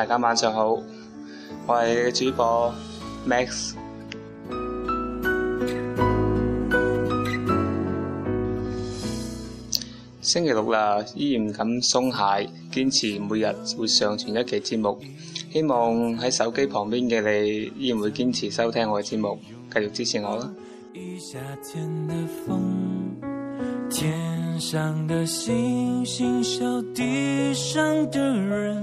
大家晚上好，我係你嘅主播 Max。星期六啦，依然唔敢鬆懈，堅持每日會上傳一期節目。希望喺手機旁邊嘅你，依然會堅持收聽我嘅節目，繼續支持我啦。天上的星星，笑地上的人。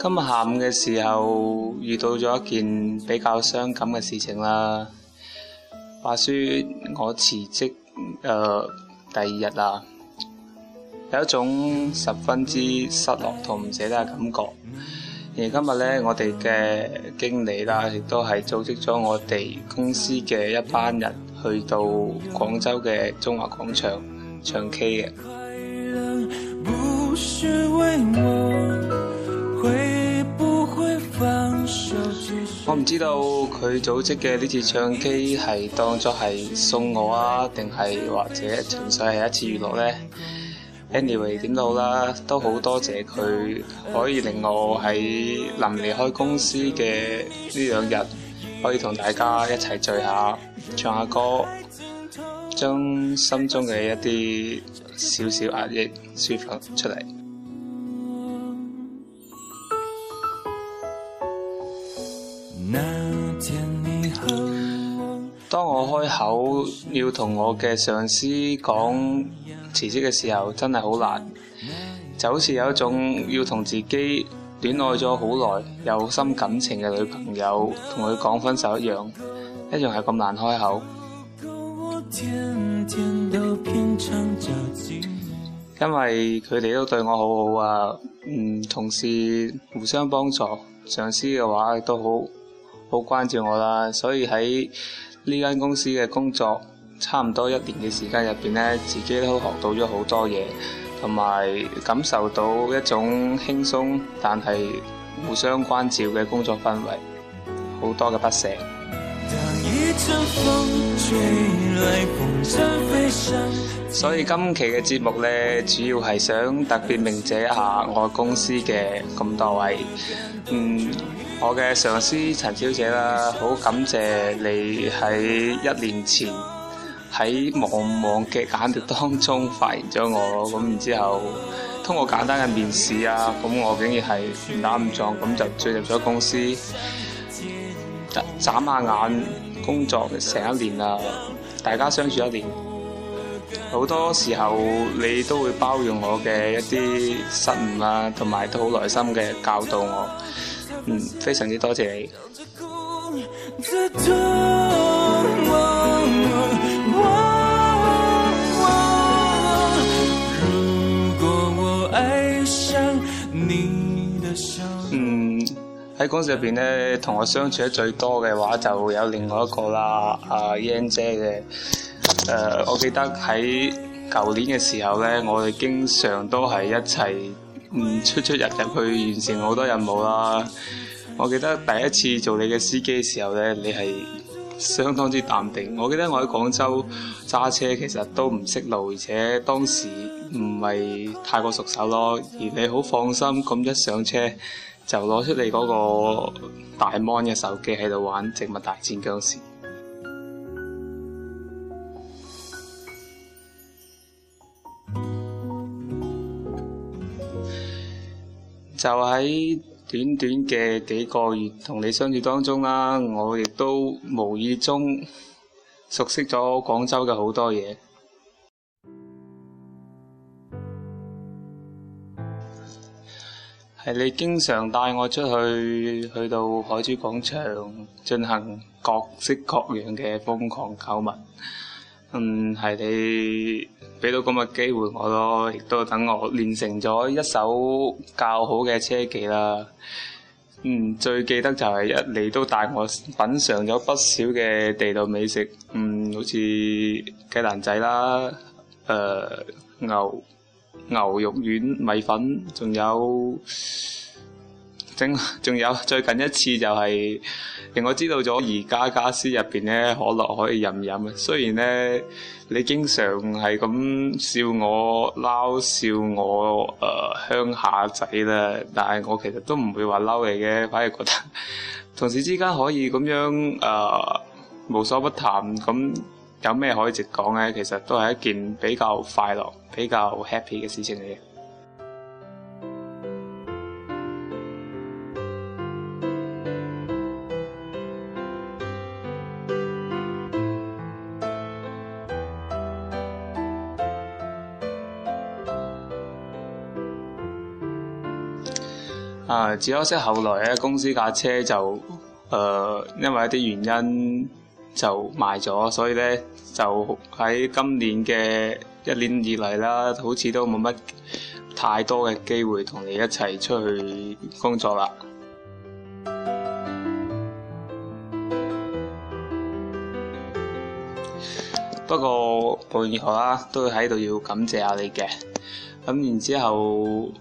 今日下午嘅時候遇到咗一件比較傷感嘅事情啦。話說我辭職誒第二日啦，有一種十分之失落同唔捨得嘅感覺。而今日咧，我哋嘅經理啦，亦都係組織咗我哋公司嘅一班人去到廣州嘅中華廣場唱 K 嘅。我唔知道佢組織嘅呢次唱 K 係當作係送我啊，定係或者純粹係一次娛樂咧。Anyway 點都好啦，都好多謝佢可以令我喺臨離開公司嘅呢兩日，可以同大家一齊聚下、唱下歌，將心中嘅一啲少少壓抑抒發出嚟。當我開口要同我嘅上司講辭職嘅時候，真係好難，就好似有一種要同自己戀愛咗好耐、有深感情嘅女朋友同佢講分手一樣，一樣係咁難開口。因為佢哋都對我好好啊，嗯，同事互相幫助，上司嘅話都好好關照我啦，所以喺呢間公司嘅工作差唔多一年嘅時間入邊咧，自己都學到咗好多嘢，同埋感受到一種輕鬆但係互相關照嘅工作氛圍，好多嘅不捨。所以今期嘅節目呢，主要係想特別鳴謝一下我公司嘅咁多位，嗯。我嘅上司陳小姐啦，好感謝你喺一年前喺茫茫嘅簡歷當中發現咗我，咁然之後通過簡單嘅面試啊，咁我竟然係誤打誤撞咁就進入咗公司，眨下眼，眼工作成一年啦，大家相處一年，好多時候你都會包容我嘅一啲失誤啊，同埋都好耐心嘅教導我。嗯，非常之多謝你。嗯，喺公司入邊咧，同我相處得最多嘅話，就有另外一個啦，阿、啊、Yan 姐嘅。誒、呃，我記得喺舊年嘅時候咧，我哋經常都係一齊。唔、嗯、出出入入去完成好多任務啦！我記得第一次做你嘅司機嘅時候咧，你係相當之淡定。我記得我喺廣州揸車其實都唔識路，而且當時唔係太過熟手咯。而你好放心，咁一上車就攞出你嗰個大 mon 嘅手機喺度玩植物大戰殭屍。就喺短短嘅幾個月同你相處當中啦，我亦都無意中熟悉咗廣州嘅好多嘢。係你經常帶我出去，去到海珠廣場進行各式各樣嘅瘋狂購物。嗯，係你俾到咁嘅機會我咯，亦都等我練成咗一手較好嘅車技啦。嗯，最記得就係一嚟都帶我品嚐咗不少嘅地道美食，嗯，好似雞蛋仔啦，誒、呃、牛牛肉丸米粉，仲有。仲有最近一次就係令我知道咗而家家私入邊咧，可樂可以飲飲啊！雖然咧你經常係咁笑我撈笑我誒、呃、鄉下仔啦，但係我其實都唔會話嬲你嘅，反而覺得同事之間可以咁樣誒、呃、無所不談，咁有咩可以直講咧？其實都係一件比較快樂、比較 happy 嘅事情嚟嘅。啊！只可惜後來咧，公司架車就誒、呃，因為一啲原因就賣咗，所以咧就喺今年嘅一年以嚟啦，好似都冇乜太多嘅機會同你一齊出去工作啦。 不過無論如何啦都喺度要感謝下你嘅，咁、嗯、然之後。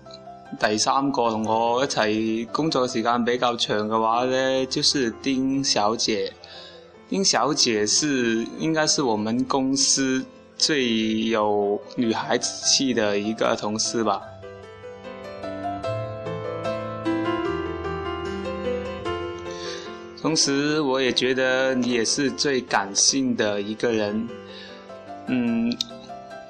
第三個同我一齊工作時間比較長嘅話呢，就是丁小姐。丁小姐是應該是我們公司最有女孩子氣的一個同事吧。同時，我也覺得你也是最感性的一個人。嗯。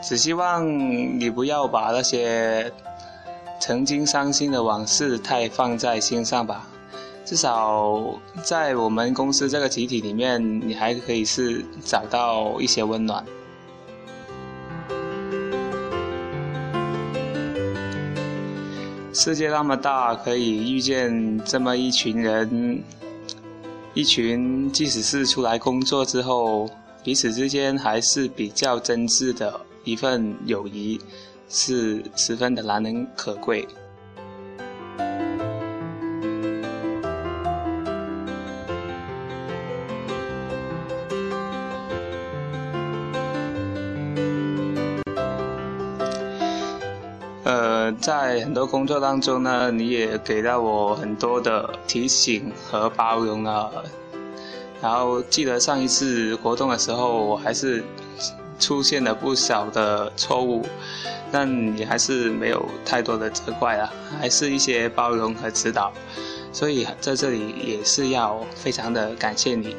只希望你不要把那些曾經傷心的往事太放在心上吧。至少在我們公司這個集體裏面，你還可以是找到一些溫暖。世界那麼大，可以遇見這麼一群人，一群即使是出來工作之後，彼此之間還是比較真摯的。一份友誼是十分的難能可貴。呃，在很多工作當中呢，你也給到我很多的提醒和包容啊。然後記得上一次活動的時候，我還是。出現了不少的錯誤，但你還是沒有太多的責怪啊，還是一些包容和指導，所以在這裏也是要非常的感謝你。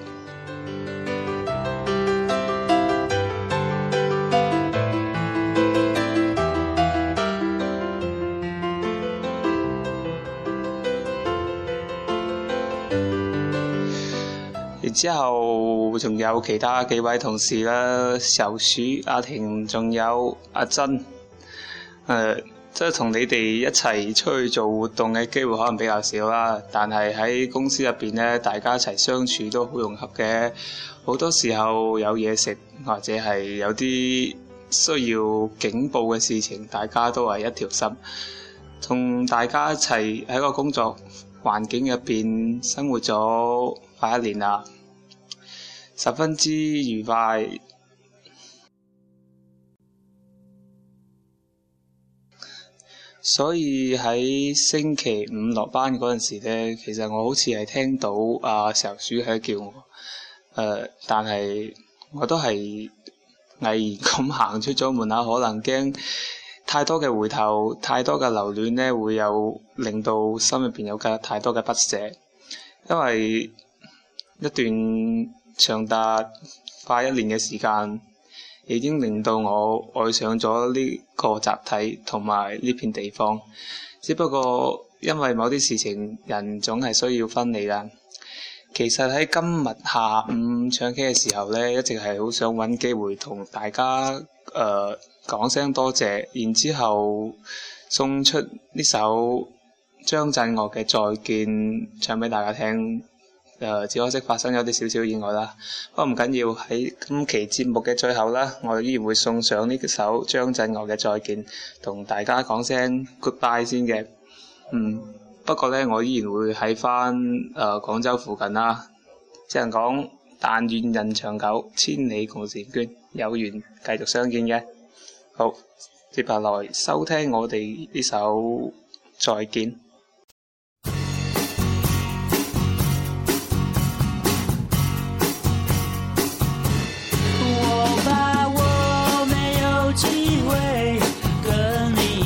之後，仲有其他幾位同事啦，壽鼠、阿婷，仲有阿珍。誒、呃，即係同你哋一齊出去做活動嘅機會可能比較少啦。但係喺公司入邊咧，大家一齊相處都好融洽嘅。好多時候有嘢食，或者係有啲需要警報嘅事情，大家都係一條心。同大家一齊喺個工作環境入邊生活咗快一年啦。十分之愉快，所以喺星期五落班嗰陣時咧，其實我好似係聽到阿成鼠喺度叫我，誒、呃，但係我都係毅然咁行出咗門口，可能驚太多嘅回頭，太多嘅留戀咧，會有令到心入邊有太多嘅不捨，因為一段長達快一年嘅時間，已經令到我愛上咗呢個集體同埋呢片地方。只不過因為某啲事情，人總係需要分離啦。其實喺今日下午唱 K 嘅時候呢，一直係好想揾機會同大家誒講聲多謝，然之後送出呢首張震岳嘅《再見》唱俾大家聽。誒、呃，只可惜發生咗啲少少意外啦，不過唔緊要。喺今期節目嘅最後啦，我哋依然會送上呢首張震岳嘅《再見》，同大家講聲 Goodbye 先嘅。嗯，不過呢，我依然會喺返誒廣州附近啦。只能講但願人長久，千里共嬋娟，有緣繼續相見嘅。好，接下來收聽我哋呢首《再見》。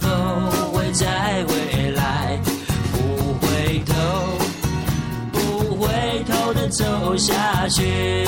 都會在未來，不回頭，不回頭的走下去。